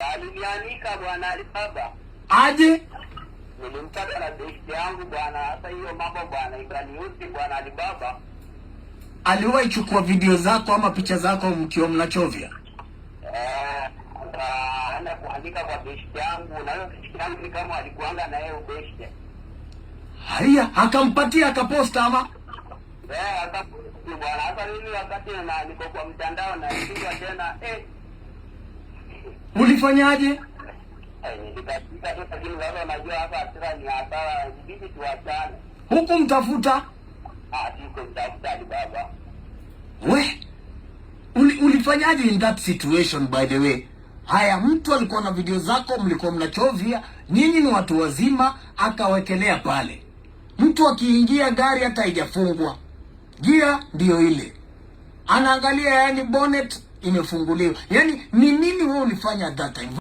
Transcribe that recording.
Alinianika bwana alibaba. Aje? Nilimtaka na yangu bwana, hiyo mambo bwana ikaniusi bwana alibaba. Aliwahi chukua video zako ama picha zako mkiwa mnachovya? Eh, ana kuandika kwa binti yangu na ni kama alikuanga na yeye ubeshte. Haya, akampatia akaposta ama? Eh, bwana. Hasa mimi wakati niko kwa mtandao na tena eh ulifanyaje? Huku mtafuta we ulifanyaje in that situation? By the way, haya, mtu alikuwa na video zako, mlikuwa mnachovia, nyinyi ni watu wazima, akawekelea pale. Mtu akiingia gari hata haijafungwa gia, ndiyo ile anaangalia, yani bonnet imefunguliwa. Yani ni nini wewe ulifanya at that time?